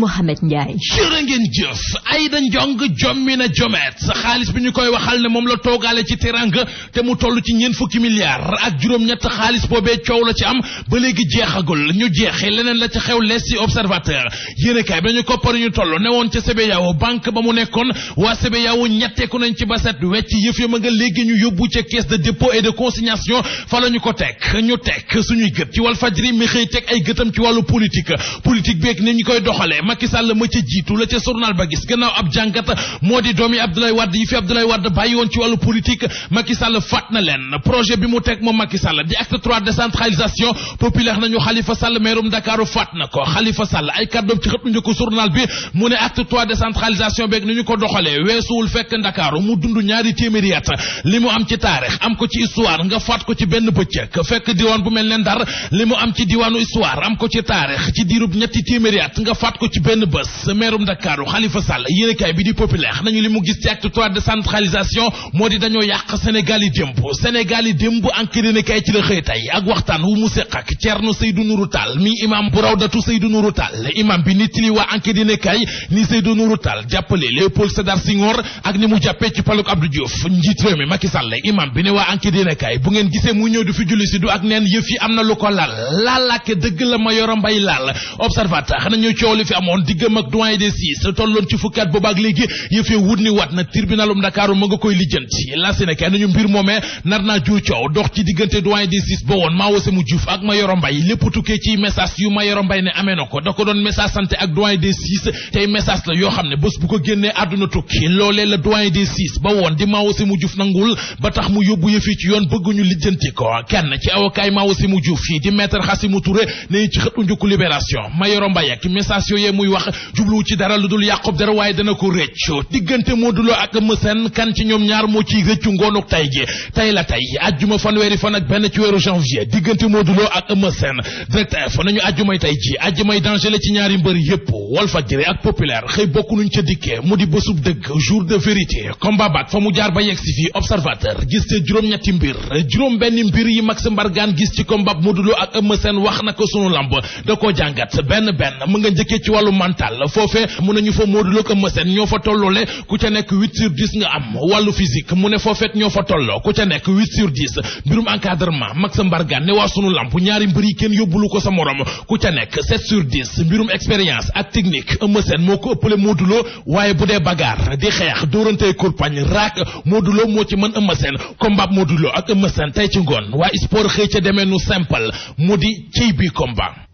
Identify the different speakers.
Speaker 1: Mohamed Ndiaye jërë ngeen jëf Aïda Ndiong jommi na jomet xaalis bi ñu koy waxal ne moom la toogaale ci teranga te mu toll ci ñeen fukki milliards ak juróom-ñett xaalis boobee coow la ci am ba léegi jeexagul ñu jeexi leneen la ci xew lees ci observateur yéene kaay bi nañu koppar ñu toll ne woon ca CBAO banque ba mu nekkoon waa CBAO ñetteeku nañ ci baset wecc yëf ya ma nga léegi ñu yóbbu ca caisse de dépôt et de consignation fa la ñu ko teg ñu teg suñuy gët ci Walfadjri teg ay gëtam ci wàllu politique Macky Sall ma ca jiitu la ca journal ba gis gannaaw ab jàngat moo di doom yi Abdoulaye Wade yi fi Abdoulaye Wade bàyyi woon ci wàllu politique Macky Sall fàtt na leen projet bi mu teg moom Macky Sall di acte 3 décentralisation populaire nañu Khalifa Sall meerum Dakaaru fàtt na ko Khalifa Sall ay kàddoom ci xët njëkk journal bi mu ne acte 3 décentralisation beeg ni ñu ko doxalee weesuwul fekk Ndakaaru mu dund ñaari téeméeri li mu am ko ci histoire ko ci benn bëccëg fekk diwaan bu mel ne Ndar li mu am ci ci ci benn bés meerum Dakaaru Xalifa Sall yéenekaay bi di populaire nañu li mu gis ci acte 3 décentralisation moo di dañoo yàq Sénégal yi démb Sénégal yi ci la xëy tey ak waxtaan wu mu séq ak Ceerno Seydou Nourou Tall mi imam bu Rawdatu Seydou Nourou Tall imam bi nit li waa enquête yéenekaay ni Seydou Nourou Tall jàppale Léopold Sédar Senghor ak ni mu jàppee ci paluk Abdou Diouf njiit réew mi Macky imam bi ne waa enquête bu ngeen gisee ma yoro mbay laal observateur xanaa ñëw amoon diggam ak doyen des six tolloon ci fukkaat boobaak léegi yëfee wut ni wat na tribunalum Dakar ma nga koy lijjanti la Sénégal nañu mbir moomee nar naa ju coow dox ci diggante doyen des six ba woon maa wase mu Juuf ak Mayoro Mbaye lépp tukkee ci message yu Mayoro Mbaye ne amee na ko da ko doon message santé ak doyen des six tey message la yoo xam ne bés bu ko génnee àdduna tukki loolee la doyen des six ba woon di maa wase mu Juuf nangul ba tax mu yóbbu yëfee ci yoon bëgguñu lijjanti ko kenn ci awokaay maa wase mu Juuf yi di maître Xasimu Touré ne ci xëtu njukku libération Mayoro Mbaye ak message yooyee muy wax jubluwu ci dara lu dul yàqub dara waaye dana ko rëccu diggante Modou Lo ak Eumeu Sène kan ci ñoom ñaar moo ciy rëccu ngoonuk tay tay la ajjuma fanweeri fan ak benn ci weeru janvier diggante Modou Lo ak Eumeu Sène direct fa nañu ajjumay tay ji ajjumay danger ci ñaari mbër yépp Walfadjri ak Populaire xëy bokk ca dikkee mu di bësub dëgg jour de vérité combat baak fa mu jaar ba yegsi fii observateur gis te juróom-ñetti mbir juróom benn mbir yi Max Mbargane gis ci combat Modou Lo ak na ko sunu lamb wàllu mental la foofee mu ne ñu fa Modou Lo ak Eumeu Sène ñoo fa tolloole ku ca nekk huit sur dix nga am wàllu physique mu ne foofeet ñoo fa tolloo ku ca nekk huit sur dix mbirum encadrement Max Mbargane ne waa sunu lamp ñaari mbër yi kenn yóbbulu ko sa morom ku ca nekk sur dix mbirum expérience ak technique Eumeu moo ko ëppale Modou waaye bu dee bagarre di xeex dóorantey kurpañ raak Modou moo ci mën Eumeu Sène combat ak Eumeu tey ci ngoon waa